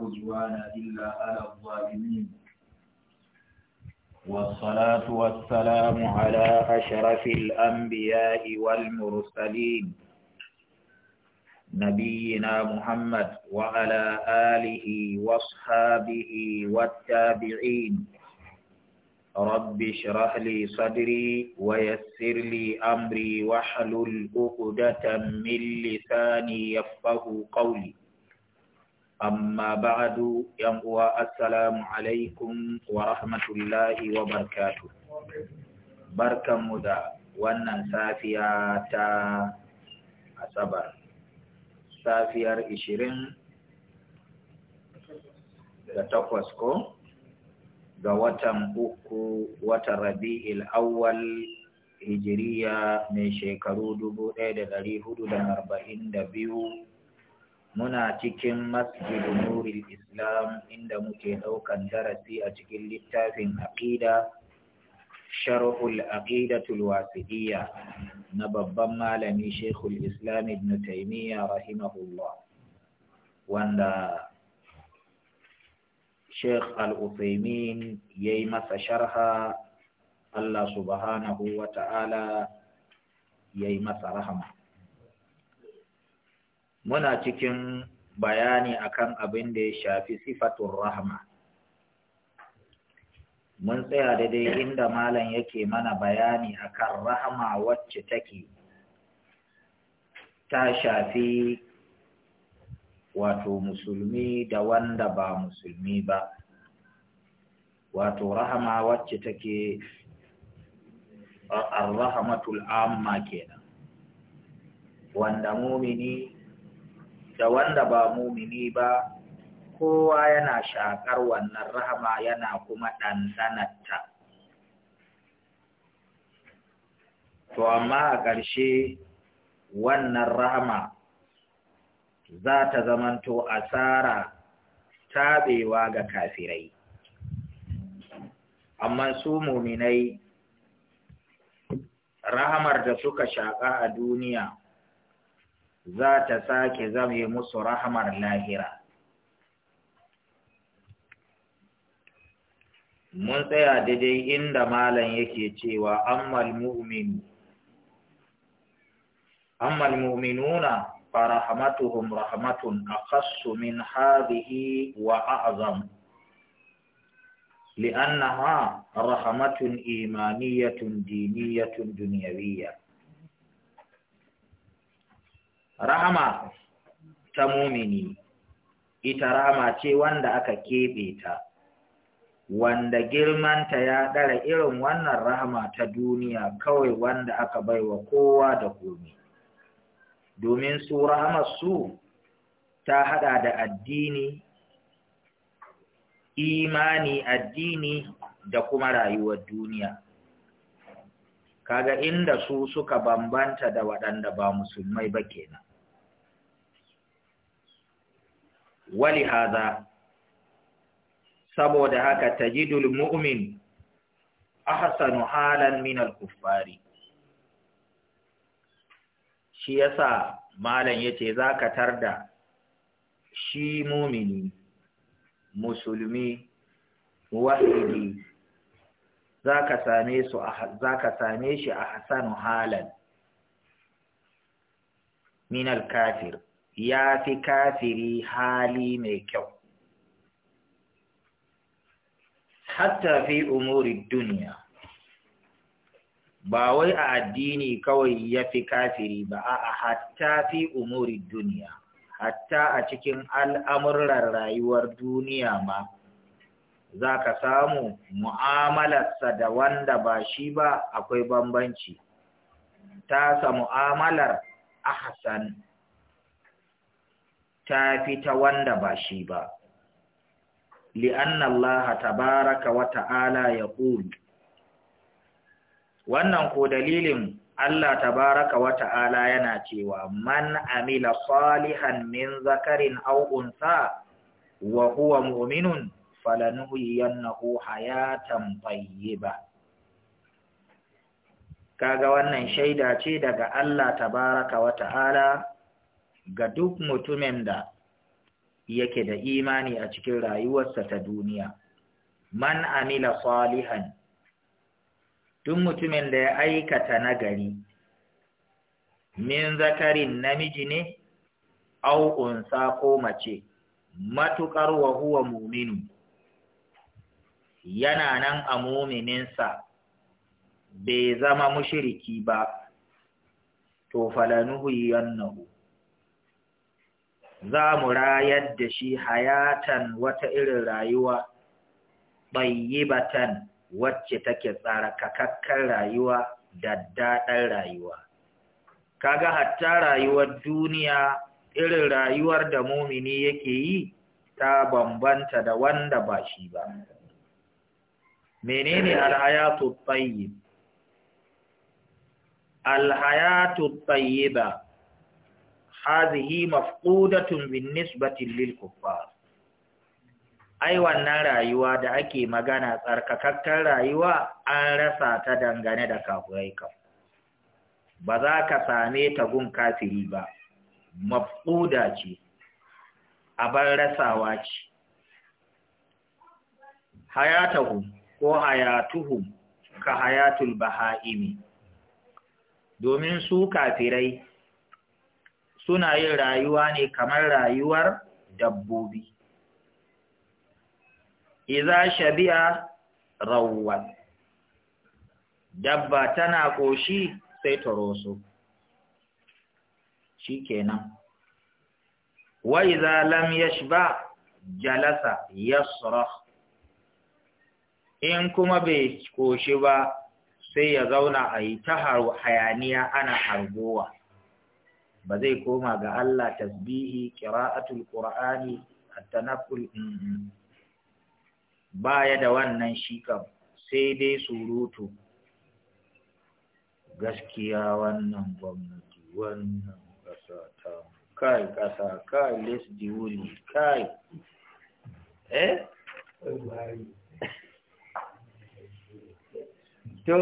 عدوان إلا على الظالمين والصلاة والسلام على أشرف الأنبياء والمرسلين نبينا محمد وعلى آله واصحابه والتابعين رب اشرح لي صدري ويسر لي أمري واحلل عقدة من لساني يفقه قولي Amma ba'adu ‘yan uwa, Assalamu alaikum wa rahmatullahi wa barkatu. Barkanmu da wannan safiya ta Asabar, safiyar ishirin da takwas ko ga watan uku watan rabi'il awwal hijiriya mai shekaru dubu ɗaya da ɗari hudu da arba'in da biyu muna cikin masjidu nuril islam inda muke daukan darasi a cikin littafin aqida sharhul aqidatul wasidiyya na babban malami shekul islam ibn taymiya rahimahullah wanda sheikh al ya yayi masa sharha Allah subhanahu wa ta'ala yayi masa rahama muna cikin bayani akan abin da ya shafi sifatun rahma mun tsaya dai inda malam yake mana bayani akan rahma wacce take ta shafi wato musulmi da wanda ba musulmi ba wato rahama wacce take ar-rahmatul amma kenan wanda mumini da wanda ba mumini ba kowa yana shakar wannan rahama yana kuma ɗanɗanarta. To amma a ƙarshe wannan rahama za ta zamanto asara taɓewa ga kafirai. Amma su muminai rahamar da suka shaƙa a duniya za ta sake zame musu rahmar lahira. Mun tsaya da dai inda malam yake cewa ammal mu'minuna fa rahmatuhum rahmatun aqassu min hadhihi wa a'zam li'annaha rahmatun imaniyatun diniyatun dunyawiyyah rahama ta mumini ita rahama ce wanda aka keɓe ta wanda girmanta ya ɗara irin wannan rahama ta duniya kawai wanda aka baiwa kowa da komi domin su Rahama su ta haɗa da addini imani addini da kuma rayuwar duniya kaga inda su suka bambanta da waɗanda ba musulmai ba kenan wali saboda haka tajidul mu'min ahsanu halan min al-kuffari shi yasa malam yace zaka tarda shi mumini musulmi wahidi zaka same su zaka same shi ahsanu halan min al-kafir ya fi kafiri hali mai kyau hatta fi umuri duniya ba wai a addini kawai ya fi kafiri ba a hatta fi umuri duniya hatta a cikin al'amuran rayuwar duniya ma za ka samu mu'amalarsa da wanda ba shi ba akwai bambanci tasa mu'amalar ahsan ta fi ta wanda ba shi ba li'anna Allah tabaraka wa ta'ala ya wannan ko dalilin Allah tabaraka wa ta'ala yana cewa man amila salihan min zakarin aw wa huwa mu'minun falanuhyiyannahu hayatan tayyiba kaga wannan shaida ce daga Allah tabaraka wa ta'ala ga duk mutumin da yake da imani a cikin rayuwarsa ta duniya man amila salihan duk mutumin da ya aikata nagari min zakarin namiji ne au unsa ko mace matuƙar wa huwa muminu yana nan a mumininsa bai zama mushiriki ba to falanuhu yannahu za mu rayar da shi hayatan wata irin rayuwa ɗayyibatan wacce take tsara tsarkakakkar rayuwa da daddaɗar rayuwa kaga hatta rayuwar duniya irin rayuwar da mumini yake yi ta bambanta da wanda ba shi ba menene alhayatu tayyib alhayatu ba. hazihi mafqudatun bin nisbati lil kuffar ai wannan rayuwa da ake magana tsarkakakkar rayuwa an rasa ta dangane da kafirai kam. ba za ka same ta gun kafiri ba mafquda ce abar rasawa ce hayatahu ko hayatuhu ka hayatul baha'imi domin su kafirai suna yin rayuwa ne kamar rayuwar dabbobi. Iza shabi'a rawwat dabba tana ƙoshi sai ta roso. Shi kenan. Wa iza lam yashba jalasa yasra in kuma bai ƙoshi ba sai ya zauna a yi ta hayaniya ana hargowa. ba zai koma ga Allah tasbihi qira'atul qur'ani at Ba baya da wannan shi kam sai dai surutu gaskiya wannan gwamnati wannan kasa ta kai kasa kai les diwuli kai eh to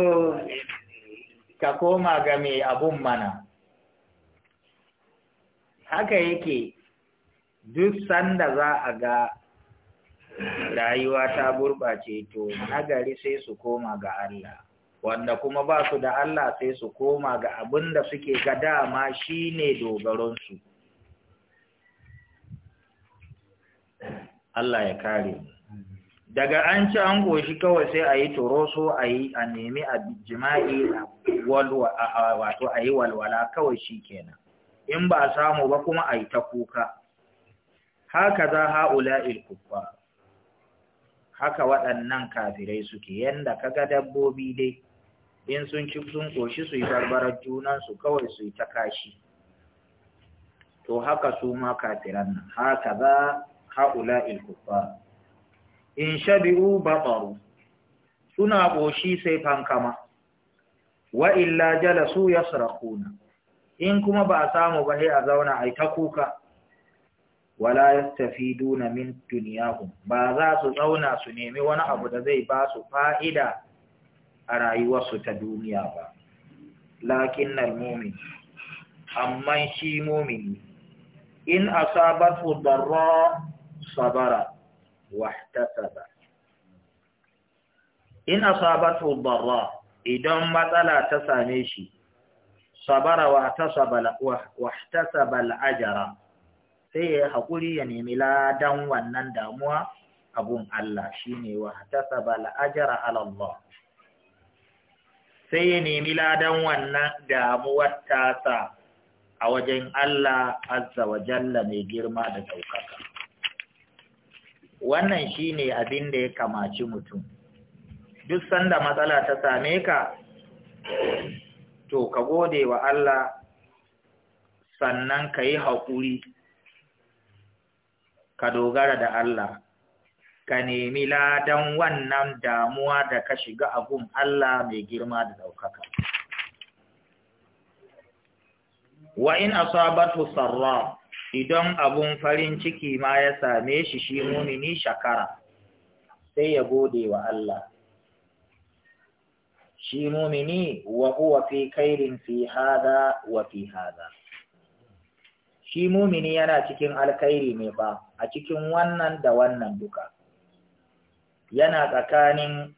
ka koma ga mai abun mana haka yake duk sanda za a ga rayuwa ta gurɓace to nagari sai su koma ga Allah wanda kuma ba su da Allah sai su koma ga abin da suke ga dama shine dogaronsu Allah ya kare daga an ci an goshi kawai sai a yi turoso a yi a nemi a jima'i wato a yi walwala kawai shi kenan in ba samu ba kuma a yi ta kuka haka za ha'ula ilkufa haka waɗannan kafirai suke yanda kaga dabbobi dai in sun ci sun ƙoshi su yi barbarar junansu kawai su yi ta kashi to haka su ma kafiran nan haka za ha'ula ilkufa in shabi'u ɓaru, suna ƙoshi sai fankama wa illa ya sarakuna. in kuma ba a samu ba sai a zauna yi ta kuka wala yastafiduna min dunyahum ba za su zauna su nemi wani abu da zai ba su fa'ida a rayuwarsu ta duniya ba nan mu'min amma shi mumini in asabathu darra sabara wahtasaba in darra idan matsala ta same shi sabara wa ihtasabal sai ya haƙuri ya nemi ladan wannan damuwa abun Allah shine wa ihtasabal ajara ala Allah sai ya nemi ladan wannan damuwar tasa a wajen Allah azza wa jalla mai girma da ɗaukaka. Wannan shi ne abin da ya kamaci mutum, duk sanda matsala ta same ka, to ka gode wa Allah sannan ka yi haƙuri ka dogara da Allah ka nemi ladan wannan damuwa da ka shiga abun Allah mai girma da ɗaukaka. Wa in asabatu sarra idan abun farin ciki ma ya same shi shi mumini shakara sai ya gode wa Allah. shi mumini wa huwa fi kairin fi hada wa fi hada shi mumini yana cikin alkhairi ne fa a cikin wannan da wannan duka yana tsakanin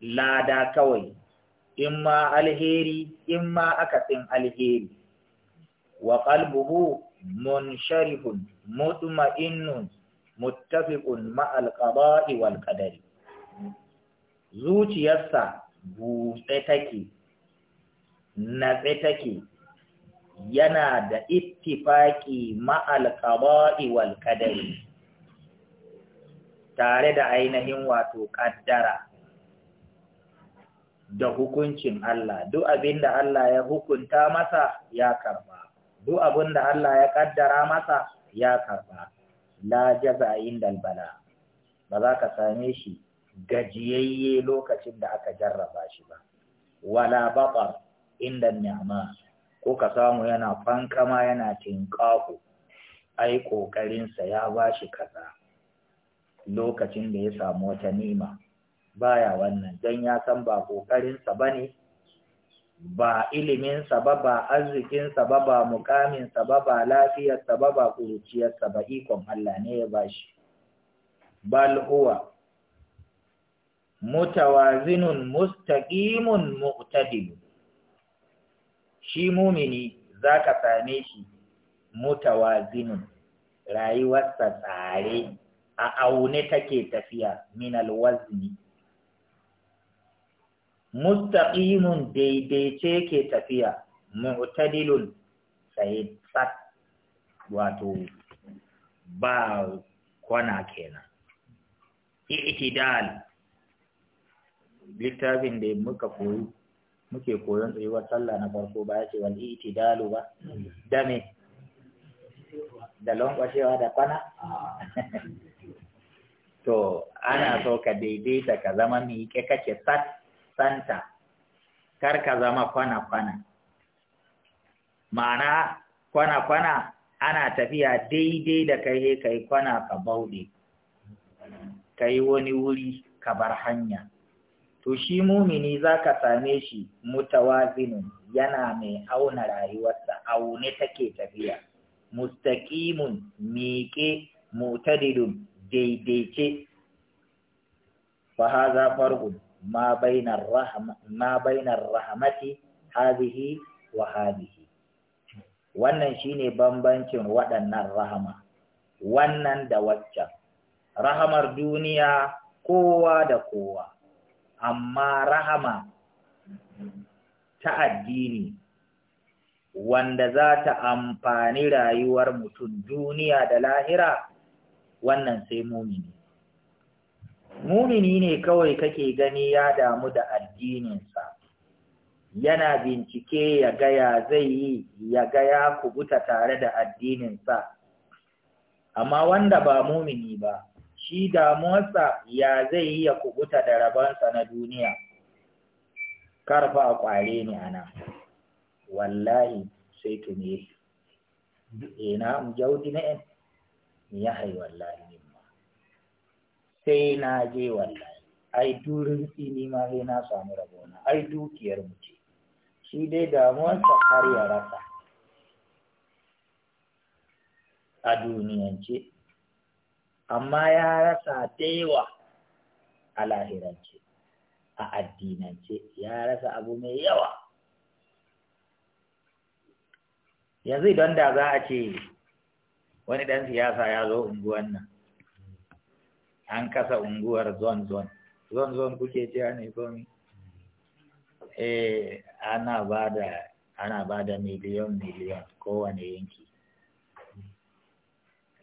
lada kawai in ma alheri in ma akasin alheri wa qalbuhu munsharifun mutma'innun muttafiqun ma'al qada'i walƙadari. zuciyarsa buɗe take naɓe take yana da ittifaki ma'al qada'i wal tare da ainihin wato kaddara da hukuncin Allah duk abin da Allah ya hukunta masa ya karba duk abin da Allah ya kaddara masa ya karba la jaza inda bala ba za ka same shi gajiyayye lokacin da aka jarraba shi ba wala baɓar inda ni'ama ko ka samu yana fankama yana tinƙaƙo ai ƙoƙarinsa ya ba shi kaza lokacin da ya samu wata ni'ima baya wannan don ya san ba ƙoƙarinsa ba ne ba iliminsa ba ba arzikinsa ba ba mukaminsa ba ba lafiyarsa ba ba ƙuruciyarsa ba ikon Allah ne ya bashi. shi bal huwa mutawazinun mustaqimun mu'tadil shi mumini zaka same shi mutawazinun rayuwarsa tsare a aune take tafiya min alwazni mustaqimun daidaice ke tafiya mu'tadilun sai tsat wato ba kwana kenan i'tidal littafin da muka koyi muke koyon tsayuwar sallah na farko ba ya ce wal itidalu ba da da lankwashewa da kwana to ana so ka daidaita ka zama miƙe kake sat santa kar ka zama kwana-kwana ma'ana kwana-kwana ana tafiya daidai da kai kai kwana ka bauɗe kai wani wuri ka bar hanya to shi mumini za ka same shi mutawazinin yana mai auna rayuwarsa aune take tafiya mustaqimun miƙe mutadidun daidaice ce. haza ma bainar rahamati ma bainar rahmati hadhihi wa hazihi wannan shine bambancin waɗannan rahama wannan da waccan rahamar duniya kowa da kowa amma rahama ta addini wanda za ta amfani rayuwar mutum duniya da lahira wannan sai mumini mumini ne kawai kake gani ya damu da addininsa yana bincike ya gaya zai yi ya gaya kubuta tare da addininsa amma wanda ba mumini ba shi damuwarsa ya zai yi ya kubuta da rabansa na duniya karfa a kware ni ana wallahi sai tuni ina in jaudi ne ya hai wallahi ne sai na je wallahi ai durin tsini ma sai na samu rabona ai dukiyar mu ce shi dai damuwarsa har ya rasa a duniyance amma ya rasa yawa a lahirance a addinance ya rasa abu mai yawa yanzu idan da za a ce wani ɗan siyasa ya zo unguwan nan an kasa unguwar zon-zon zon-zon kuke cewa ne komi eh ana ba da ana ba da miliyon miliyon kowane yanki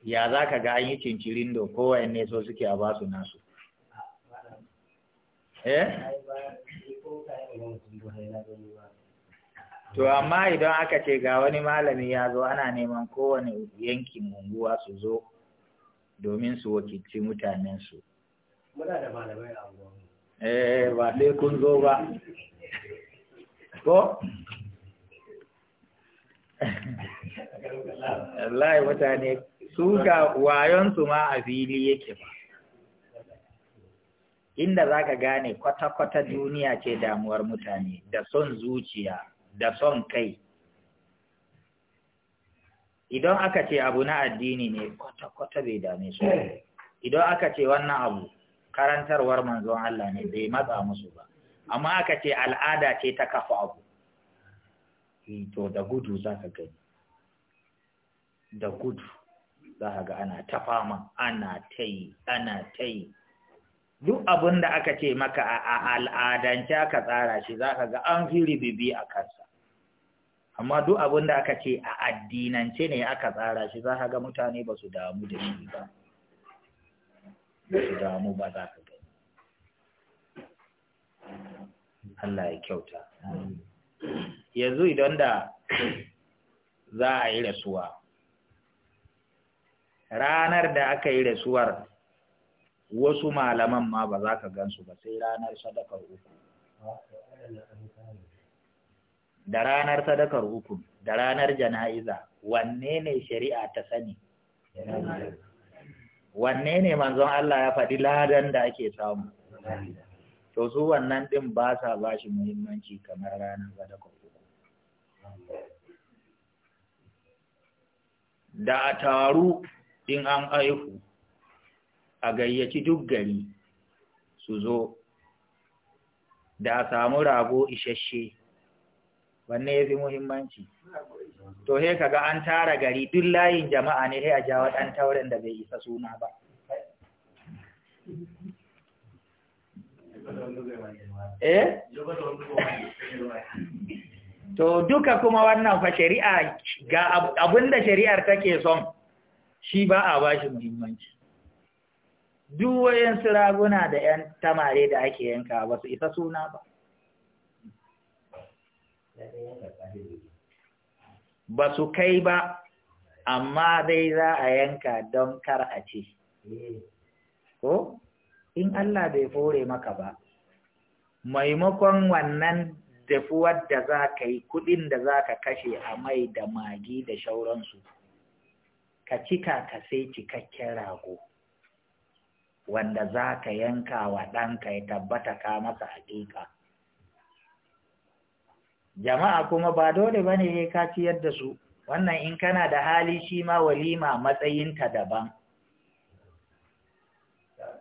ya za ka ga an yi cincirin da kowayen ne so suke a basu nasu eh to amma idan aka ce ga wani malami ya zo ana neman kowane yankin unguwa su zo domin su wakilci mutanensu muna da malamai a eh ba sai kun zo ba ko wallahi mutane su ga wayonsu ma a fili yake ba inda za ka gane kwata-kwata duniya ce damuwar mutane da son zuciya da son kai idan aka ce abu na addini ne kwata-kwata bai dame su idan aka ce wannan abu karantarwar manzon Allah ne bai matsa musu ba amma aka ce al'ada ce ta kafa abu eh, to da gudu za ka gani da gudu za ga ana ta fama ana ta yi ana ta yi duk abin da aka ce maka a al'adance aka tsara shi za ka ga an fi ribibi a kansa amma duk abin da aka ce a addinance ne aka tsara shi za ka ga mutane ba su damu da shi ba su damu ba za ka gani Allah ya kyauta yanzu idan da za a yi rasuwa ranar da aka yi rasuwar wasu malaman ma ba za ka gansu ba sai ranar sadakar uku da ranar sadakar uku da ranar jana'iza wanne ne shari'a ta sani wanne ne manzon Allah ya faɗi ladan da ake samu to su wannan ɗin ba sa ba shi muhimmanci kamar ranar sadakar uku da a taru in an aihu a gayyaci duk gari su zo da a samu rago isasshe wanne ya fi muhimmanci to he kaga an tara gari duk layin jama'a ne he a jawo ɗan tauren da bai isa suna ba eh to duka kuma wannan fa shari'a ga abinda shari'ar take son shi ba a ba muhimmanci duk wayan raguna da ‘yan tamare da ake yanka ba su isa suna ba ba su kai ba amma dai za a yanka don kar a ce ko in Allah bai fore maka ba maimakon wannan dafuwar da za ka yi kuɗin da za ka kashe a mai da magi da shauransu ka cika ka sai cikakken rago wanda za ka yanka wa ɗanka ya tabbata ka masa haƙiƙa jama'a kuma ba dole ba ne ka ciyar da su wannan in kana da hali shi ma walima matsayinta daban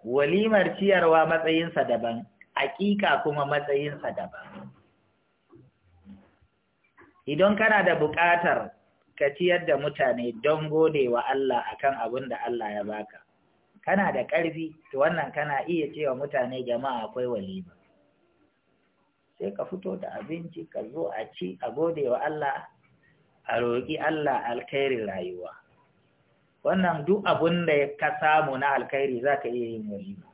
walimar ciyarwa matsayinsa daban haƙiƙa kuma matsayinsa daban idan kana da buƙatar ka ciyar da mutane don gode wa Allah akan abin da Allah ya baka kana da ƙarfi to wannan kana iya ce wa mutane jama'a akwai walima sai ka fito da abinci ka zo a ci a gode wa Allah a roƙi Allah alkhairin rayuwa wannan duk abin da ka samu na alkhairi za ka iya yin walima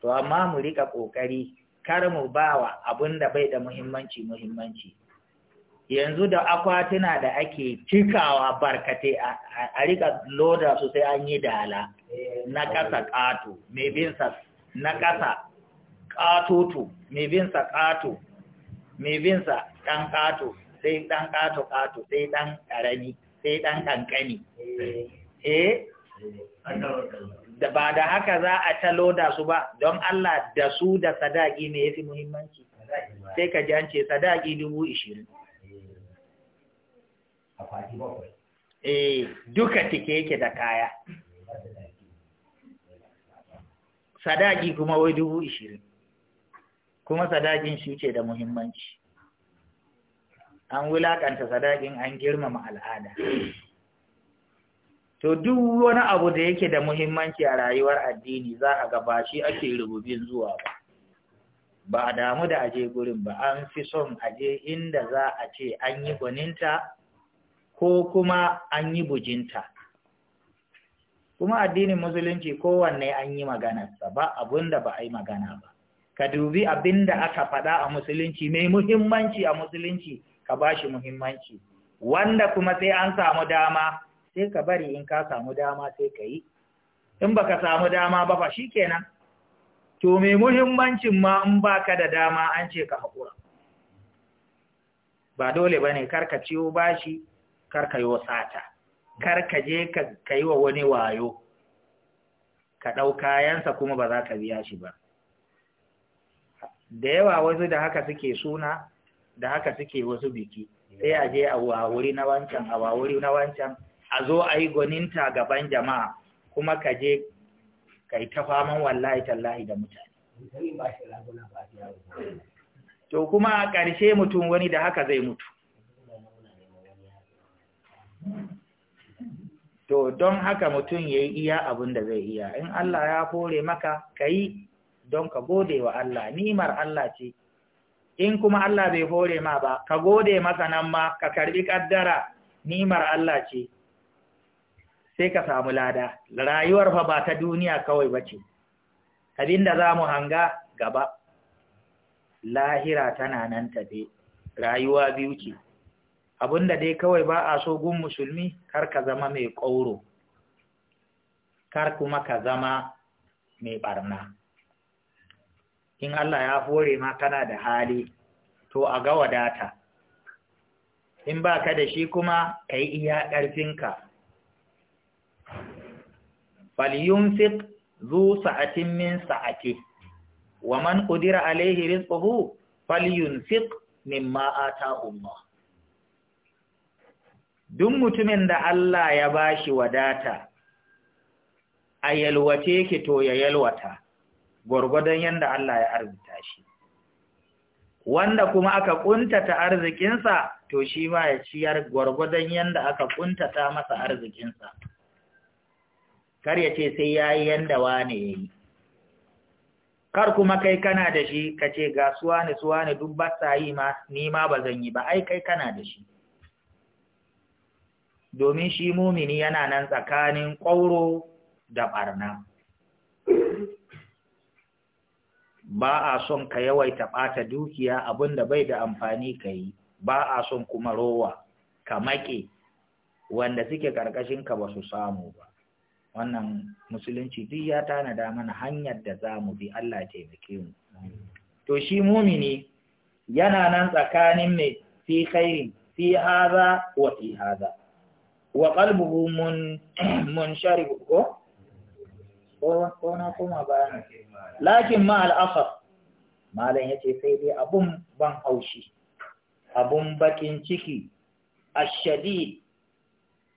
to amma mu rika ƙoƙari kar mu bawa abin da bai da muhimmanci muhimmanci yanzu da akwatuna da ake cikawa barkate a rika loda su sai an yi dala na ƙasa ƙato mai binsa na ƙasa ƙatoto mai binsa ƙato mai binsa ɗan ƙato sai ɗan ƙato ƙato sai ɗan ƙarami sai ɗan ƙanƙani eh da ba da haka za a ta loda su ba don Allah da su da sadaki ne ya fi muhimmanci sai ka jance sadaki dubu ishirin eh duka tike yake da kaya sadaki kuma wai dubu ishirin kuma sadakin shi ce da muhimmanci an wulaƙanta sadakin an girmama al'ada to duk wani abu da yake da muhimmanci a rayuwar addini za a gaba shi ake rububin zuwa ba ba a damu da aje gurin ba an fi son aje inda za a ce an yi gwaninta ko kuma an yi bujinta kuma addinin musulunci kowanne an yi maganarsa ba abin da ba a yi magana ba ka dubi abin da aka faɗa a musulunci mai muhimmanci a musulunci ka ba shi muhimmanci wanda kuma sai an samu dama sai ka bari in ka samu dama sai ka yi in ba ka samu dama ba fa kenan. to mai muhimmancin ma in ba ka da dama an ce ka haƙura ba dole ba ne kar ka ciwo bashi kar ka yi wa sata kar ka je ka yi wa wani wayo ka ɗau kayansa kuma ba za ka biya shi ba da yawa wasu da haka suke suna da haka suke wasu biki sai a je a wawuri na wancan a wawuri na wancan a zo a yi gwaninta gaban jama'a kuma ka je ka yi tafaman wallahi tallahi da mutane to kuma a ƙarshe mutum wani da haka zai mutu to don haka mutum ya yi iya abin da zai iya in Allah ya kore maka ka yi don ka gode wa Allah nimar Allah ce in kuma Allah bai hore ma ba ka gode maka nan ma ka karbi kaddara nimar Allah ce sai ka samu lada rayuwar fa ba ta duniya kawai ba ce da za mu hanga gaba lahira tana nan tafe rayuwa biyu ce da dai kawai ba a so gun musulmi kar ka zama mai ƙauro kar kuma ka zama mai ɓarna. in Allah ya hore ma kana da hali to a ga wadata in ba ka da shi kuma ka yi iya ƙarfinka. Falyunfik zu sa'atin min sa'ati, wa man ƙudira alaihi rizquhu falyunfik min ma'ata umma. duk mutumin da Allah ya ba shi wadata a yalwace ki to ya yalwata gwargwadon yadda Allah ya arzita shi wanda kuma aka kuntata arzikinsa to shi ma ya ciyar gwargwadon yadda aka kuntata masa arzikinsa kar ya ce sai ya yi yadda wane ya yi kar kuma kai kana da shi ka ce ga suwa ne suwa ne duk ba sa yi ma ni ma ba zan yi ba ai kai kana da shi domin shi mumini yana nan tsakanin ƙwauro da ɓarna. Ba a son ka yawaita ɓata dukiya abin da bai da amfani ka yi, ba a son kuma rowa, ka maƙe, wanda suke ƙarƙashinka ba su samu ba. Wannan musulunci duk ya tanada mana hanyar da za mu bi Allah taimake mu. To shi mumini yana nan tsakanin mai fi khairin fi haza wa fi haza. wa qalbuhu mun munsharib ko ko na kuma bayan lakin ma al'afar malam yace sai dai abun ban haushi abun bakin ciki ashadid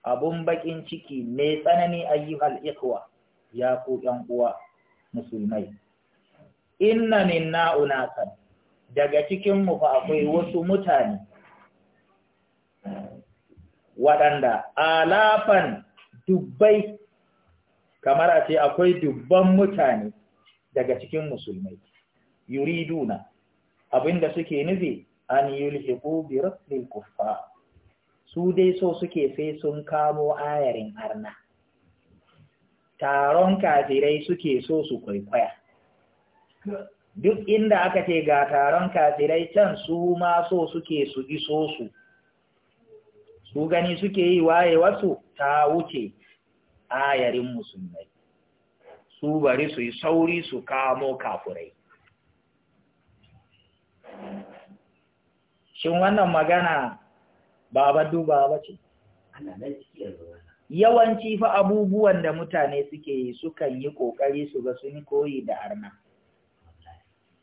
abun bakin ciki mai tsanani ayyuhal ikhwa ya ku yan uwa musulmai inna minna daga cikin mu fa akwai wasu mutane waɗanda alafan dubbai kamar a ce akwai dubban mutane daga cikin musulmai yuriduna abinda suke nufi an yulhiqu bi rafdil kuffa. su dai so suke sai sun kamo ayarin arna taron kafirai suke so su kwaikwaya duk inda aka ce ga taron kafirai can su ma so suke su iso su su gani suke yi waye wasu ta wuce ayarin musulmai su bari su yi sauri su kamo kafurai shin wannan magana ba ba ba ce yawanci fa abubuwan da mutane suke yi sukan yi ƙoƙari su ga sun koyi da arna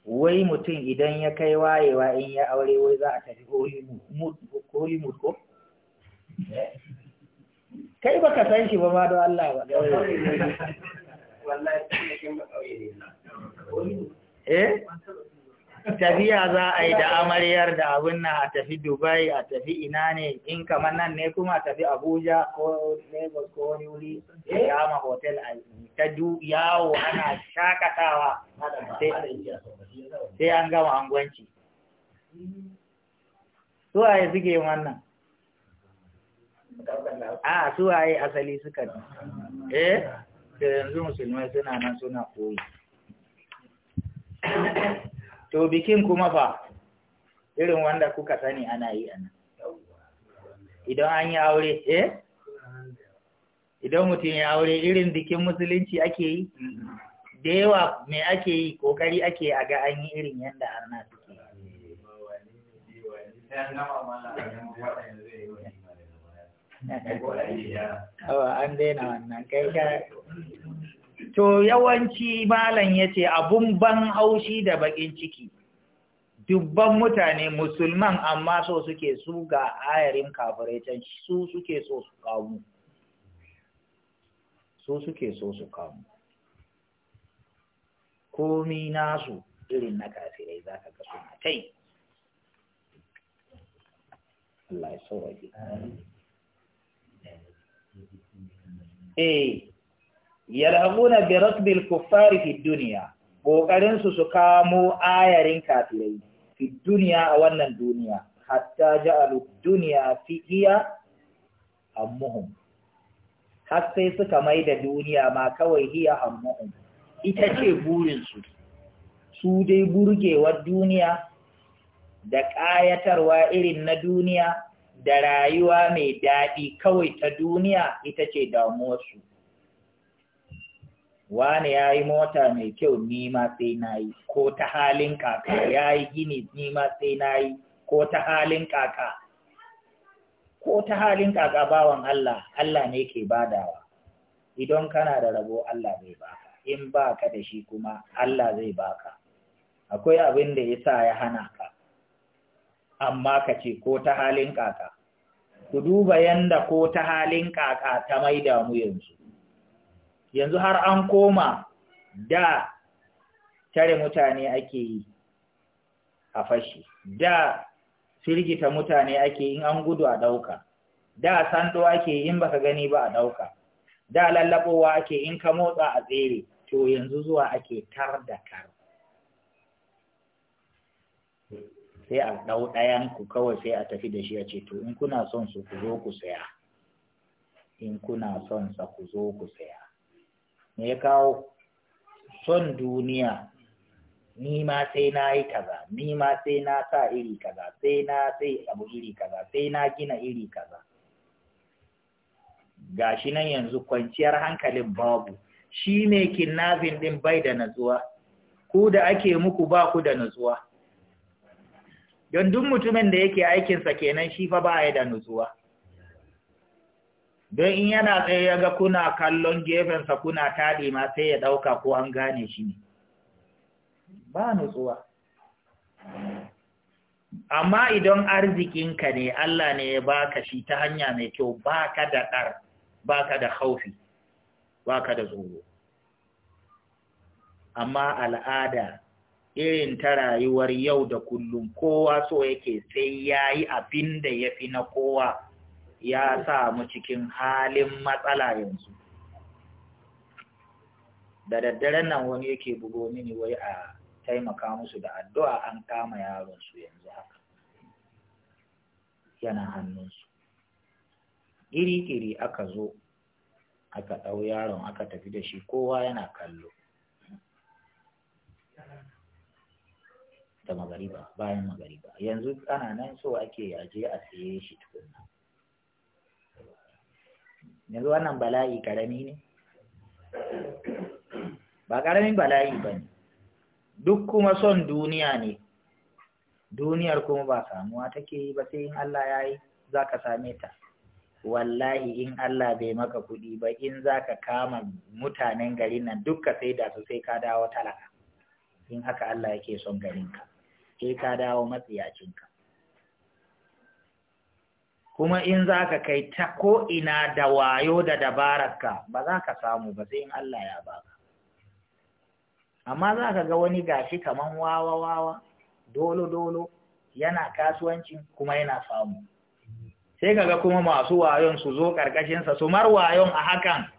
wai mutum idan ya kai wayewa in ya aure wai za a tafi koyi mu ko kai ba ka san shi ba ma don Allah ba eh tafiya za a yi da amaryar da abin na a tafi dubai a tafi ina ne in kamar nan ne kuma tafi abuja ko lagos ko wani wuri ya yama hotel a ta du yawo ana shakatawa sai an gama angwanci su a yi suke wannan a su waye asali suka eh da yanzu musulmai suna nan suna koyi to bikin kuma fa irin wanda kuka sani ana yi ana idan an yi aure eh idan mutum ya aure irin bikin musulunci ake yi da yawa me ake yi kokari ake a ga an yi irin yadda arna suke an daina wannan kai ka to yawanci malam ya ce abun ban haushi da bakin ciki dubban mutane musulman amma so suke su ga ayarin kafirai su suke so su kamu su suke so su kamu komi nasu irin na kafirai za ka kasu suna tai Allah ya sauraki. eh yarhamuna bi ratbil kuffari fi dunya kokarin su su kamo ayarin kafirai fi dunya a wannan duniya hatta ja'alu dunya fi iya ammuhum har sai suka mai da duniya ma kawai hiya ammuhum ita ce burinsu. su dai burgewar duniya da ƙayatarwa irin na duniya da rayuwa mai daɗi kawai ta duniya ita ce damuwarsu. Wane ya yi mota mai kyau nima sai na yi, ko ta halin kaka ya yi gini nima sai na yi, ko ta halin kaka. Ko ta halin kaka bawan Allah, Allah ne ke badawa. Idan kana da rabo Allah zai baka, in baka da shi kuma Allah zai baka. Akwai abin da ya sa ya hana ka. amma ka ce ko ta halin kaka ku duba yanda ko ta halin kaka ta maida mu yanzu yanzu har an koma da tare mutane ake yi a fashi da firgita mutane ake in an gudu a ɗauka da sando ake yi in baka gani ba a ɗauka da lallaɓowa ake in ka motsa a tsere to yanzu zuwa ake tar da kar sai a ɗau ɗayan ku kawai sai a tafi da shi a ce to in kuna son su ku zo ku saya in kuna son sa ku zo ku saya me ya kawo son duniya ni ma sai na yi kaza ni ma sai na sa iri kaza sai na sai abu iri kaza sai na gina iri kaza gashi nan yanzu kwanciyar hankalin babu shi ne kinnafin din bai da natsuwa ku da ake muku ba ku da natsuwa don duk mutumin da yake aikinsa kenan shi fa ba ya da nutsuwa don in yana tsaye ya ga kuna kallon gefensa kuna taɗi ma sai ya ɗauka ko an gane shi ne ba nutsuwa amma idan arzikinka ne Allah ne ya baka shi ta hanya mai kyau baka da ɗar baka da haufi baka da tsoro amma al'ada irin ta rayuwar yau da kullum kowa so yake sai ya yi abin da ya fi na kowa ya sa mu cikin halin matsala yanzu da daddaren nan wani yake bugo mini wai a taimaka musu da addu'a an kama yaronsu yanzu haka yana hannunsu iri-iri aka zo aka ɗau yaron aka tafi da shi kowa yana kallo da magariba bayan magariba yanzu ana nan so ake yaje a saye shi tukunna yanzu wannan bala'i karami ne ba karamin bala'i ba ne duk kuma son duniya ne duniyar kuma ba samuwa take yi ba sai in Allah ya yi za ka same ta wallahi in Allah bai maka kuɗi ba in za ka kama mutanen garin nan dukka sai da su sai ka dawo talaka in haka Allah yake son garinka sai ka dawo matsiyacinka kuma in za ka kai ta ko'ina da wayo da dabararka ba za ka samu ba sai in Allah ya baka amma za ka ga wani gashi kaman wawa-wawa dolo-dolo yana kasuwanci kuma yana samu sai kaga kuma masu wayon su zo ƙarƙashinsa su mar wayon a hakan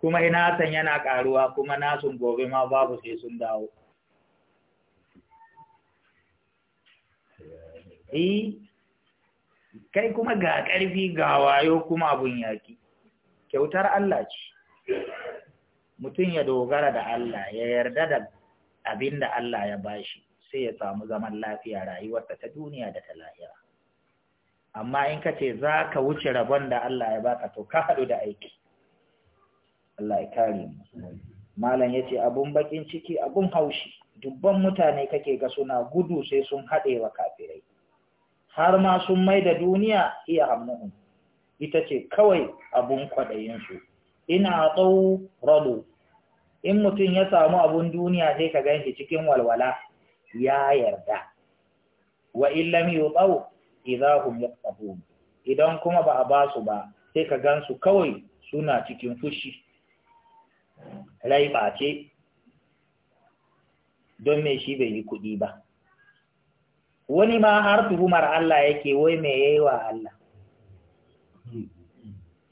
kuma san yana ƙaruwa kuma nasun gobe ma babu sai sun dawo eh kai kuma ga ƙarfi ga wayo kuma abun yaki kyautar Allah ce mutum ya dogara da Allah ya yarda da abin da Allah ya bashi sai ya samu zaman lafiya rayuwarta ta duniya da ta lahira amma in ka ce za ka wuce rabon da Allah ya baka to ka haɗu da aiki Allah ya kare mu malam ya ce abun bakin ciki abun haushi dubban mutane kake ga suna gudu sai sun haɗe wa kafirai har ma sun mai da duniya iya hamnuhun ita ce kawai abun kwaɗayinsu ina tsawo rado in mutum ya samu abun duniya sai ka gan cikin walwala ya yarda wa illam yuqaw yaqtabun idan kuma ba a basu ba sai ka gansu kawai suna cikin fushi rai ce don me shi bai yi kuɗi ba wani ma har tuhumar Allah yake wai me yayi wa Allah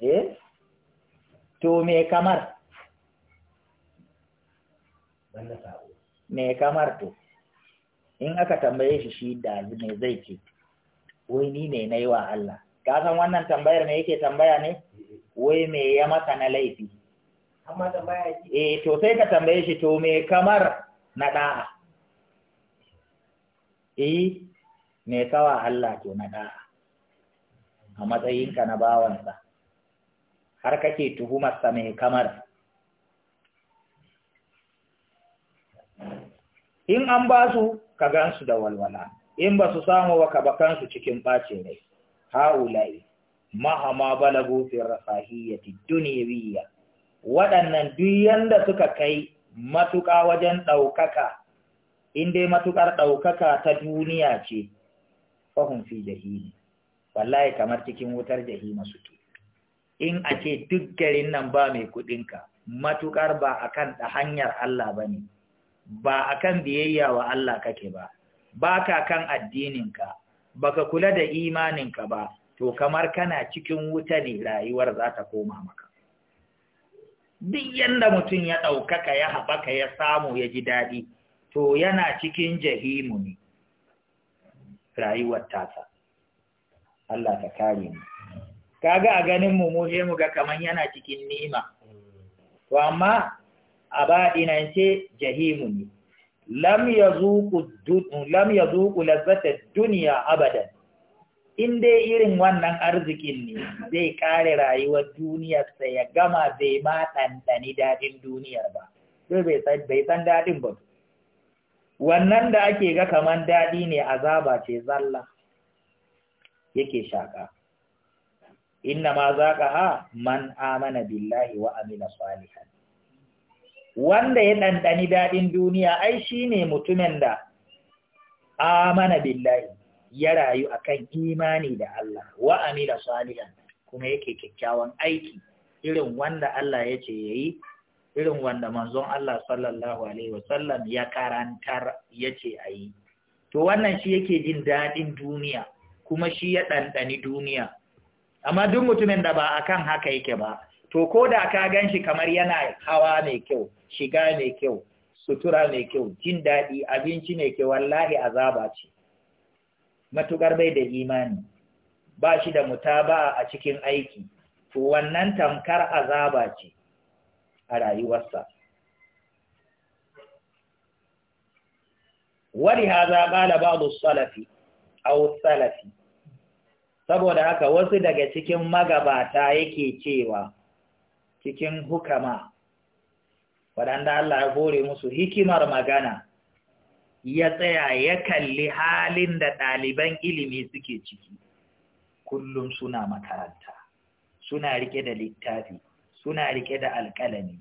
eh to me kamar me kamar to in aka tambaye shi shi da me zai ce wai ni ne nayi wa Allah ka san wannan tambayar me yake tambaya ne wai me ya maka na laifi amma tambaya yake eh to sai ka tambaye shi to me kamar na da'a eh me kawa Allah to na da a matsayinka na bawansa har kake tuhumarsa mai kamar in an ba su ka gansu da walwala in ba su samu ba ka ba kansu cikin ɓace rai ha'ulai mahama balagu fi rafahiyyati duniyawiyya waɗannan duk yanda suka kai matuƙa wajen ɗaukaka in dai matuƙar ɗaukaka ta duniya ce fahun fi jahimi wallahi kamar cikin wutar jahima suke in a ce duk garin nan ba mai kuɗinka matuƙar ba akan da hanyar Allah bane ba akan biyayya wa Allah kake ba baka kan addininka baka kula da imaninka ba to kamar kana cikin wuta ne rayuwar za ta koma maka duk yanda mutum ya ɗaukaka ya haɓaka ya samu ya ji daɗi to yana cikin jahimu ne rayuwar tasa Allah ka kare mu kaga a ganin mu mu mu ga kaman yana cikin ni'ima to amma a nan ce jahimu ne lam yazuqu lazzata duniya abadan in dai irin wannan arzikin ne zai kare rayuwar duniyarsa ya gama bai ma ɗanɗani daɗin duniyar ba sai bai san daɗin ba wannan da ake ga kaman daɗi ne azaba ce zalla yake shaƙa inna ma zaka ha man amana billahi wa amina salihan wanda ya ɗanɗani daɗin duniya ai shi ne mutumin da amana billahi ya rayu akan imani da Allah wa amina salihan kuma yake kyakkyawan aiki irin wanda Allah ya ce ya yi irin wanda manzon Allah sallallahu alaihi wasallam ya karantar yace ayi to wannan shi yake jin daɗin duniya kuma shi ya ɗanɗani duniya amma duk mutumin da ba akan haka yake ba to ko da ka ganshi kamar yana hawa mai kyau shiga mai kyau sutura mai kyau jin daɗi, abinci mai kyau wallahi azaba ce matukar bai da imani ba shi da mutaba a cikin aiki to wannan tamkar azaba ce a rayuwarsa wani haza ƙala ba salafi au salafi saboda haka wasu daga cikin magabata yake cewa cikin hukama waɗanda Allah ya bore musu hikimar magana ya tsaya ya kalli halin da ɗaliban ilimi suke ciki kullum suna makaranta suna rike da littafi suna rike da alƙalami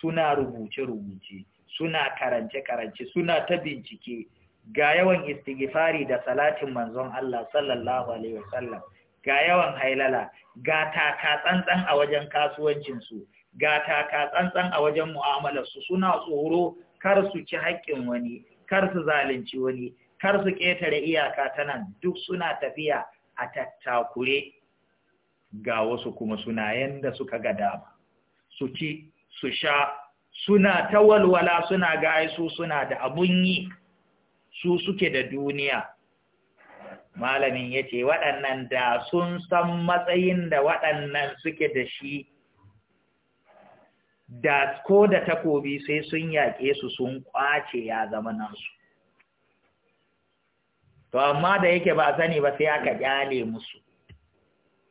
suna rubuce-rubuce suna karance-karance suna ta bincike ga yawan istighfari da salatin manzon Allah sallallahu alaihi wasallam ga yawan hailala ga taka tsantsan a wajen kasuwancinsu ga taka tsantsan a wajen su suna tsoro kar su ci haƙƙin wani kar su zalunci wani kar su ƙetare iyaka ta nan duk suna tafiya a tattakure ga wasu kuma suna yanda suka ga dama su ci su sha suna ta walwala suna ga su suna da abun yi su suke da duniya malamin ya ce waɗannan da sun san matsayin da waɗannan suke da shi da ko da takobi sai sun yaƙe su sun ƙwace ya zama nansu to amma da yake ba sani ba sai aka ƙyale musu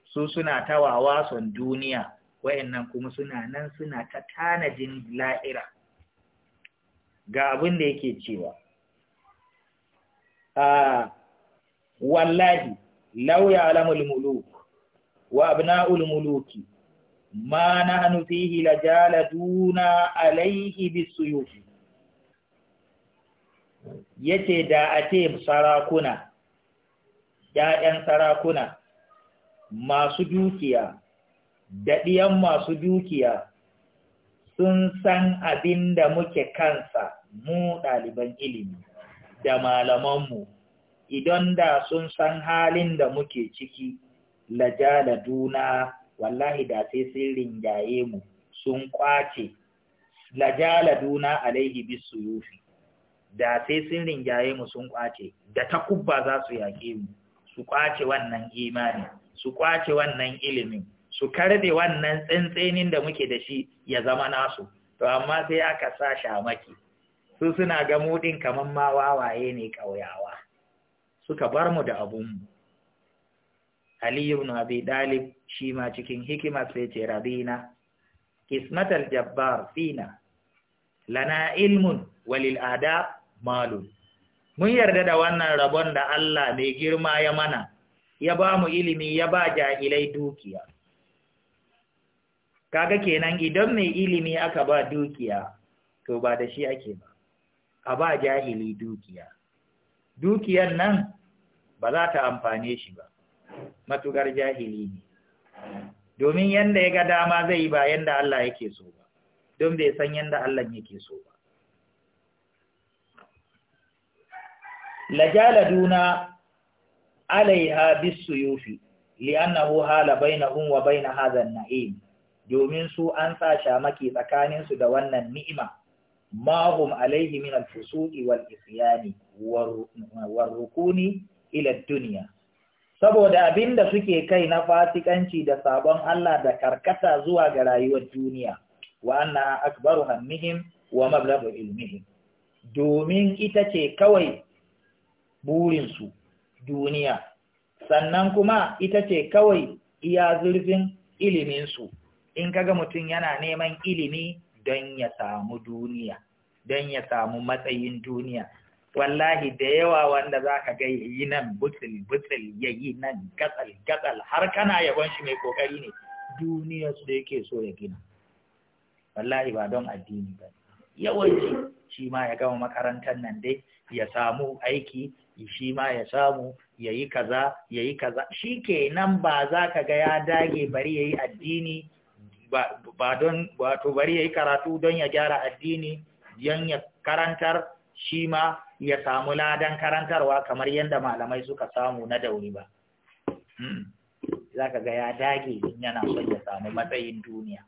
su suna tawawa sun duniya wayannan kuma suna nan suna ta tanajin la'ira ga abin da yake cewa a wallahi law ya'lamul muluk wa abna'ul muluki ma nahnu fihi lajaladuna alayhi bisuyuf yace da a ce sarakuna ‘ya'yan sarakuna masu dukiya Daɗiyan masu dukiya sun san abin da muke kansa mu ɗaliban ilimi da malamanmu idan da sun san halin da muke ciki lajala duna wallahi da sai sun ringaye mu sun kwace lajala duna alaihi bisu yufi da sai sun ringaye mu sun kwace da takubba za su yaƙe mu su kwace wannan imani su kwace wannan ilimin su karbe wannan tsintsinin da muke da shi ya zama nasu to amma sai aka sa shamaki su suna ga mudin kamar ma wawaye ne ƙauyawa suka bar mu da abunmu Aliyu ibn Abi Dalib shi ma cikin hikima sai ce rabina kismatal jabbar fina lana ilmun walil ada malun mun yarda da wannan rabon da Allah mai girma ya mana ya ba mu ilimi ya ba jahilai dukiya kaga kenan idan mai ilimi aka ba dukiya to ba da shi ake ba a ba jahili dukiya dukiyan nan ba za ta amfane shi ba matugar jahili ne domin yanda ya ga dama zai yi ba yanda Allah yake so ba don bai san yanda Allah yake so ba lajaladuna alaiha bisuyufi li'annahu hala bainahum wa bain hadha an-na'im domin su an sa shamaki tsakaninsu da wannan ni'ima ma hum alaihi min al-fusuqi wal isyani war rukuni ila dunya saboda abinda suke kai na fasikanci da sabon Allah da karkata zuwa ga rayuwar duniya wa anna akbaru hammihim wa mablagu ilmihim domin ita ce kawai burinsu duniya sannan kuma ita ce kawai iya zurfin iliminsu in kaga mutum yana neman ilimi don ya samu duniya don ya samu matsayin duniya wallahi da yawa wanda za ka ga yi nan butsil butsil ya yi nan gatsal gatsal har kana yabon shi mai kokari ne Duniya su da yake so ya gina wallahi ba don addini ba yawanci shi ma ya gama makarantar nan dai ya samu aiki shi ma ya samu ya yi kaza ya yi kaza shi ke nan ba za ka ga ya dage bari ya yi addini ba don wato bari ya yi karatu don ya gyara addini don ya karantar shi ma ya samu ladan karantarwa kamar yadda malamai suka samu na dauri ba hmm. za ka ga ya dage yana son ya samu matsayin duniya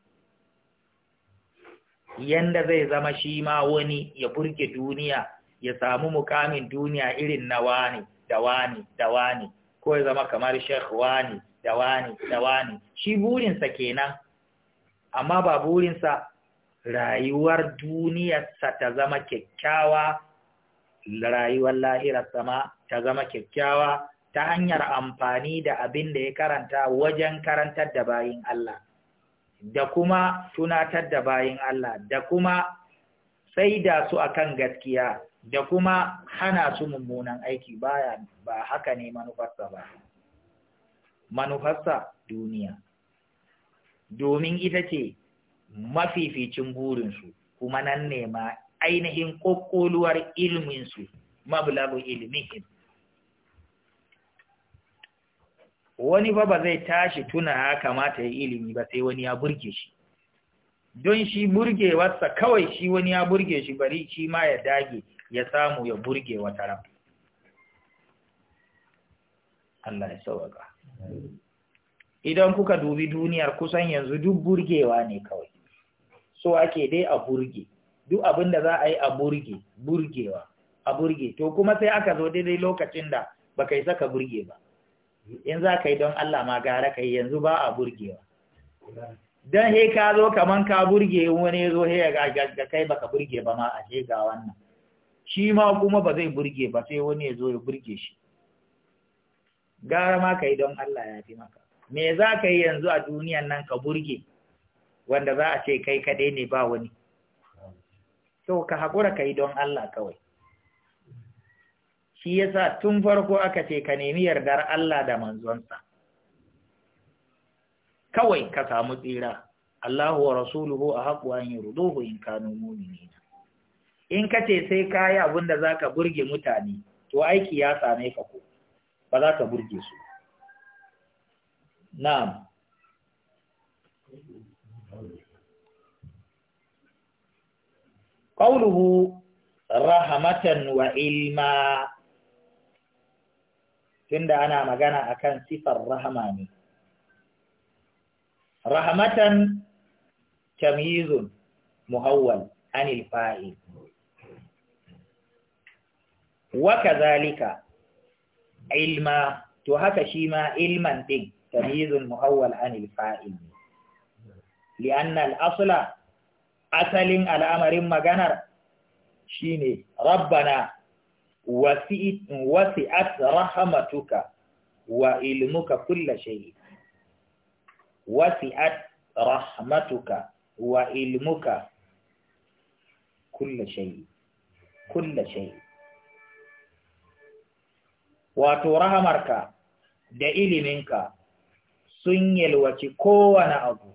yanda zai zama shi ma wani ya burge duniya ya samu mukamin duniya irin na wani da wani da wani ko ya zama kamar shekwani wani da wani da wani shi burinsa kenan amma ba burinsa rayuwar duniyarsa ta zama kyakkyawa rayuwar lahirarsa ma ta zama kyakkyawa ta hanyar amfani da abin da ya karanta wajen karantar da bayin Allah da kuma tunatar da bayin Allah da kuma saida su akan gaskiya da kuma hana su mummunan aiki baya ba haka ne manufarsa ba manufarsa duniya domin ita ce mafificin burinsu kuma nan ne ma ainihin ƙoƙoluwar ilminsu mablagu ilmihim wani fa ba zai tashi tuna ya kamata ya ilimi ba sai wani ya burge shi don shi wasa kawai shi wani ya burge shi bari shi ma ya dage ya samu ya burge wata ran Allah ya sauwaka. idan kuka dubi duniyar kusan yanzu duk burgewa ne kawai so ake dai a burge duk abin da za a yi a burge burgewa a burge to kuma sai aka zo daidai lokacin da ba kai saka burge ba in za ka yi don Allah ma gara ka yi yanzu ba a burgewa don he ka zo kaman ka burge wani zo he ga kai baka burge ba ma a ga wannan shi ma kuma ba zai burge ba sai wani ya zo ya burge shi gara ma ka yi don Allah ya fi maka me za ka yi yanzu a duniyan nan ka burge wanda za a ce kai kaɗai ne ba wani to ka haƙura ka yi don Allah kawai shi yasa tun farko aka ce ka nemi yardar Allah da manzonsa kawai ka samu tsira Allahu wa rasuluhu a haƙu an yi ruduhu in kanu muminina in ka ce sai ka yi abin da za ka burge mutane to aiki ya same ka ko ba za ka burge su ba na'am qawluhu rahmatan wa ilma tunda ana magana akan sifar rahama ne rahmatan tamyizun muhawwal anil fa'il wa kadhalika ilma to haka shi ma ilman din tamyizul muhawwal anil fa'il li'anna al-asla asalin al'amarin maganar shine rabbana wasi'at rahmatuka wa ilmuka kulla shay wasi'at rahmatuka wa ilmuka kulla shay wato rahamarka da iliminka sun yalwaci kowane abu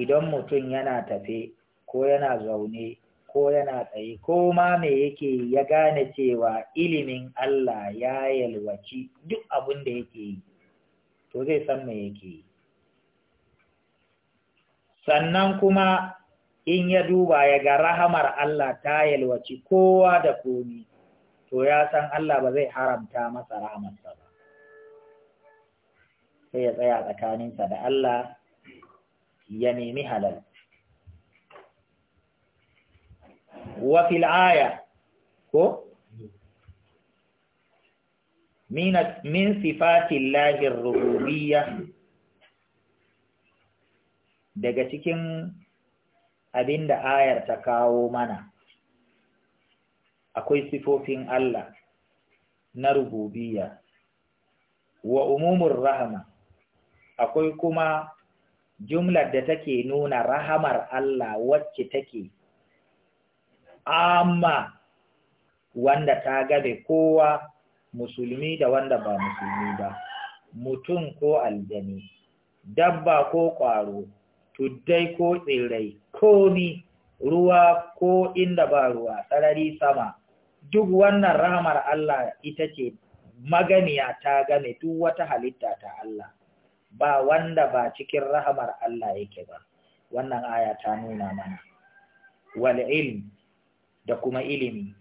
idan mutum yana tafe ko yana zaune ko yana tsaye ko ma me yake ya gane cewa ilimin Allah ya yalwaci duk abin da yake yi to zai san me yake yi sannan kuma in ya duba ya ga rahamar Allah ta yalwaci kowa da komi to ya san Allah ba zai haramta masa rahamarsa ba sai ya tsaya tsakaninsa da Allah ya nemi halal wa fil aya ko min min sifatillahi ar-rububiyya daga cikin abinda ayar ta kawo mana akwai sifofin Allah na rububiyya wa umumin rahama akwai kuma jumlar da take nuna rahamar Allah wacce take amma wanda ta gabe kowa musulmi da wanda ba musulmi ba mutum ko aljani dabba ko ƙwaro tuddai ko tsirrai komi ruwa ko inda ba ruwa sarari sama duk wannan rahamar Allah ita ce maganiya ta game duk wata halitta ta Allah ba wanda ba cikin rahamar Allah yake ba wannan aya ta nuna mana wal ilm da kuma ilimi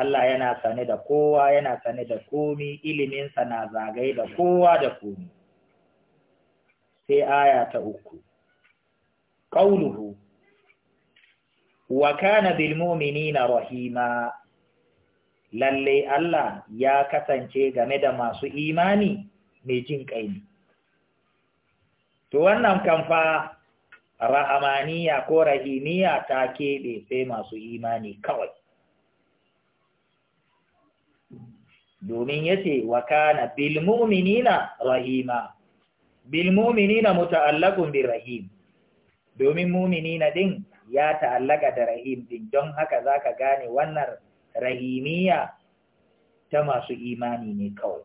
Allah yana sane da kowa yana sane da komi iliminsa na zagaye da kowa da komi sai aya ta uku qauluhu wa kana bil mu'minina rahima lalle Allah ya kasance game da masu imani mai jin kai ne to wannan kamfa ra'amaniya ko rahimiya ta keɓe sai masu imani kawai domin yace wa kana bilmuminina rahima bilmuminina mu'minina muta'allaqun rahim domin mu'minina din ya ta'allaka da rahim ɗin, don haka za ka gane wannan rahimiyya ta masu imani ne kawai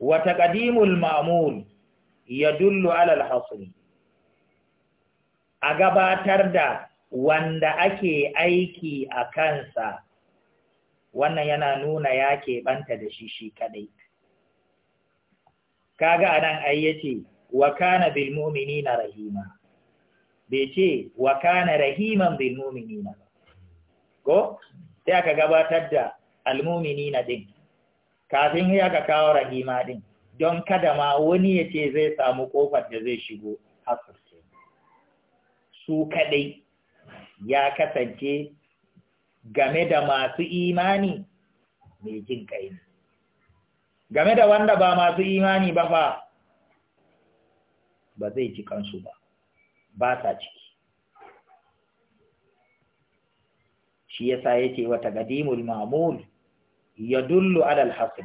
wa taqdimul ma'mul yadullu ala al-hasr a gabatar da wanda ake aiki a kansa wannan yana nuna ya keɓanta da shi shi kadai kaga anan ai yace wa kana bil mu'minina rahima bai ce wa kana rahiman bil mu'minina ko sai aka gabatar da almumini na din kafin ya ka kawo rahima din don kada ma wani ya ce zai samu kofar da zai shigo hasar su kadai ya kasance game da masu imani mai jin kai game da wanda ba masu imani ba fa ba zai ji kansu ba ba sa ciki shi yasa yace wa taqdimul ma'mul yadullu ala al-hasr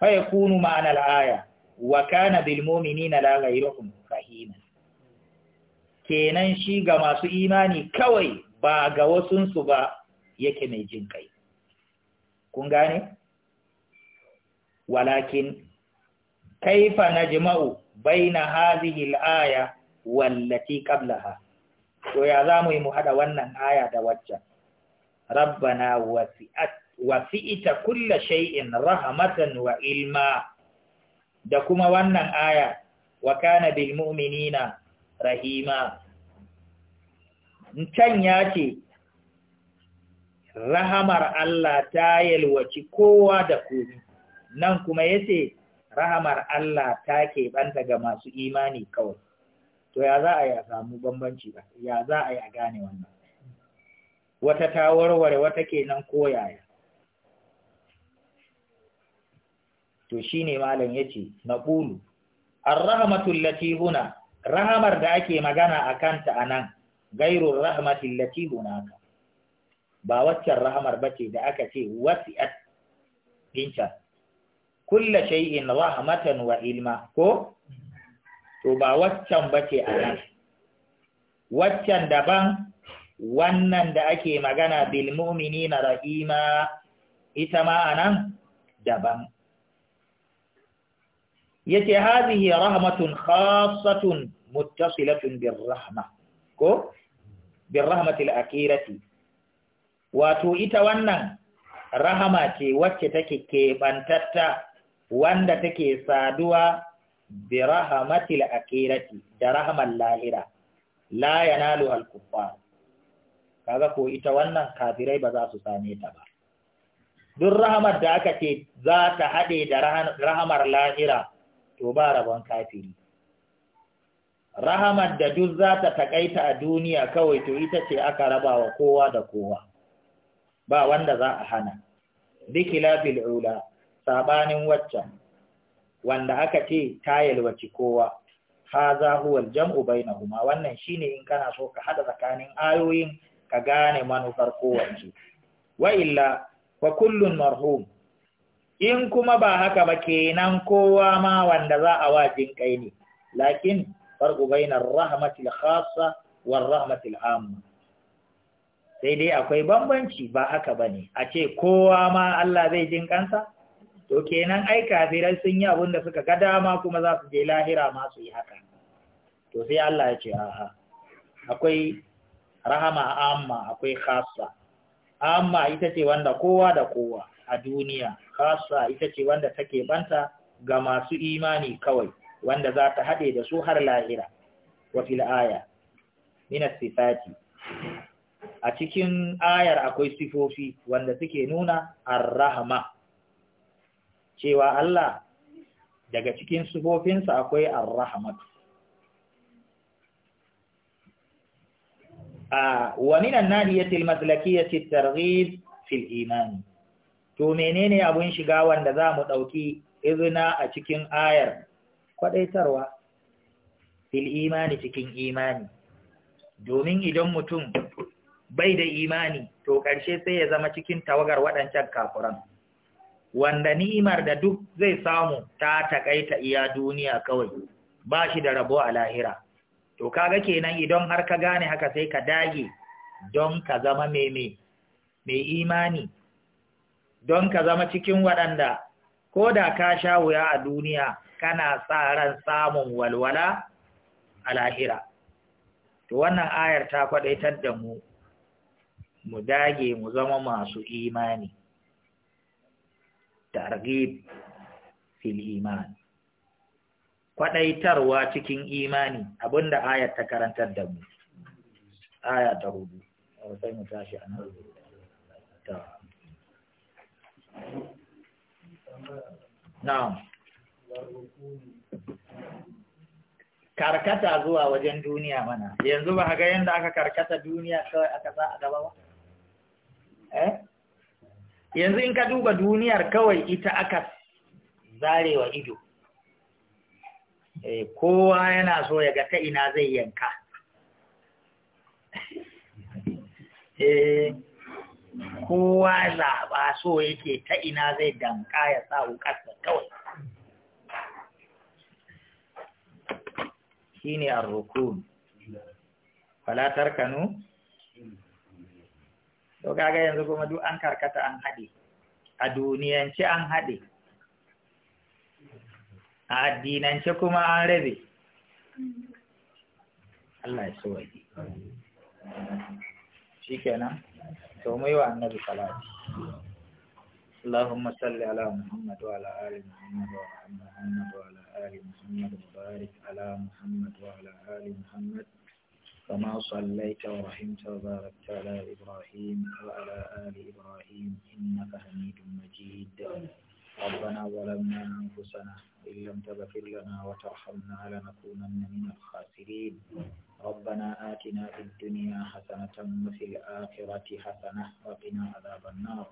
fa yakunu ma'ana al-aya wa kana bil mu'minina la ghayruhum rahima kenan shi ga masu imani kawai ba ga wasunsu ba yake mai jin kai kun gane walakin kaifa najma'u baina hadhihi al-aya wallati qablaha to ya zamu yi mu hada wannan aya da waccan rabbana wasi'ita kulla shay'in rahmatan wa ilma da kuma wannan aya wa kana bil rahima can ya ce rahamar Allah ta yalwaci kowa da komi nan kuma ya ce rahamar Allah ta keɓanta ga masu imani kawai to ya za a yi a samu bambanci ba ya za a yi a gane wannan wata ta warware wata kenan koyaya to shi ne malam yace naqulu An rahmatu allati huna rahamar da ake magana a a nan. Gairun gairu rahmati allati ka. ba waccan rahamar ba ce da aka ce wasi'at ɗinca, kulla shay'in rahmatan wa ilma ko to ba waccan ba ce a nan. waccan daban wannan da ake magana bil mu'minina rahima ita ma anan daban yace hadhihi rahmatun khassatun muttasilatun bir rahma ko bir rahmatil akirati wato ita wannan rahama ce wacce take kebantatta wanda take saduwa bi rahmatil akirati da rahman lahira la yanalu al kuffar kaga ko ita wannan kafirai ba za su same ta ba duk rahamar da aka ce za ta haɗe da rahamar lahira to ba rabon kafiri rahamar da duk za ta taƙaita a duniya kawai to ita ce aka raba wa kowa da kowa ba wanda za a hana bikila fil'ula sabanin waccan wanda aka ce ta yalwaci kowa haza huwal jam'u bainahuma wannan shine in kana so ka haɗa tsakanin ayoyin ka gane manufar kowace wa illa fa kullun marhum in kuma ba haka ba kenan kowa ma wanda za a wajin kai ne lakin farqu bainar rahmatil khassa war rahmatil amma sai dai akwai bambanci ba haka bane a ce kowa ma Allah zai jin kansa to kenan ai kafirai sun yi abin da suka ga dama kuma za su je lahira ma su yi haka to sai Allah ya ce a'a akwai rahama amma akwai kasa. amma ita ce wanda kowa da kowa a duniya kasa ita ce wanda take banta ga masu imani kawai wanda za ta haɗe da su har lahira wa fil aya min sifati a cikin ayar akwai sifofi wanda suke nuna ar cewa Allah daga cikin sifofinsa akwai ar ومن النادية المسلكية الترغيب في الإيمان to menene abun shiga wanda za mu ɗauki izina a cikin ayar kwaɗaitarwa fil imani cikin imani domin idan mutum bai da imani to ƙarshe sai ya zama cikin tawagar waɗancan kafuran wanda ni'imar da duk zai samu ta taƙaita iya duniya kawai ba shi da rabo a lahira to kaga kenan idan har ka gane haka sai ka dage don ka zama meme mai imani don ka zama cikin waɗanda ko da ka sha wuya a duniya kana sa ran samun walwala a lahira to wannan ayar ta kwaɗaitar da mu mu dage mu zama masu imani targhib fil iman kwaɗaitarwa cikin imani abinda ayat ta karantar da mu aya ta hudu sai mu tashi a nan na'am karkata zuwa wajen duniya mana yanzu ba ga yanda aka karkata duniya kawai aka sa a gaba ba eh yanzu in ka duba duniyar kawai ita aka zarewa ido Eh, kowa yana so ya ga ta ina zai yanka eh, kowa zaɓa so yake ta ina zai danka ya sa wukarsa kawai shi ne arrukun falatar kanu to kaga yanzu kuma duk an karkata an haɗe a duniyance an haɗe a addinance kuma an rabe Allah ya tsawaye shi kenan to mai wa annabi salati Allahumma salli ala Muhammad wa ala ali Muhammad wa Muhammad wa ala ali Muhammad barik ala Muhammad wa ala ali Muhammad كما صليت ورحمت وباركت على إبراهيم وعلى آل إبراهيم إنك حميد مجيد ربنا ظلمنا أنفسنا إن لم تغفر لنا وترحمنا لنكونن من الخاسرين ربنا آتنا في الدنيا حسنة وفي الآخرة حسنة وقنا عذاب النار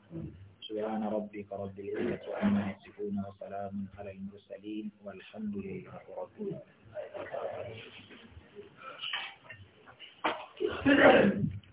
سبحان ربك رب العزة عما يصفون وسلام على المرسلين والحمد لله رب العالمين